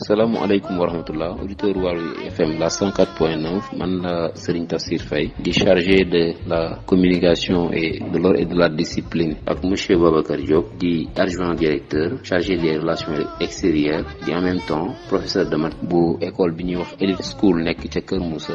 Salam alaikum wa auditeur radio FM la 104.9 man la Serigne Tafsir di de la communication et de l'ordre et de la discipline ak monsieur Babacar Diop di adjoint directeur chargé des relations extérieures et en même temps professeur de maths bu école bi ñuy Elite School nekk Moussa.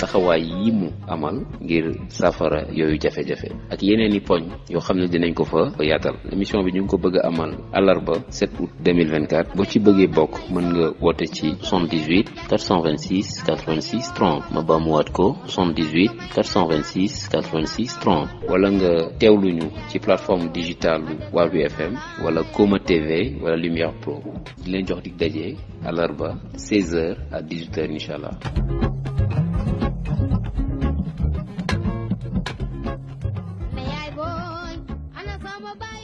taxawaay yi mu amal ngir safara yooyu jafe-jafe ak yeneen i poñ yoo xam ne dinañ ko fa yaatal émission bi ñu ngi ko bëgg a amal àllarba 7 août 2024 boo ci bëggee bokk mën nga woote ci 78 426 86 30 ma baamuwaat ko 78 426 86 30 wala nga teewluñu ci plateforme digitale Waarwi FM wala Koma TV wala Lumière Pro di leen jox dig daje àllarba 16h à 18h incha allah. mama bye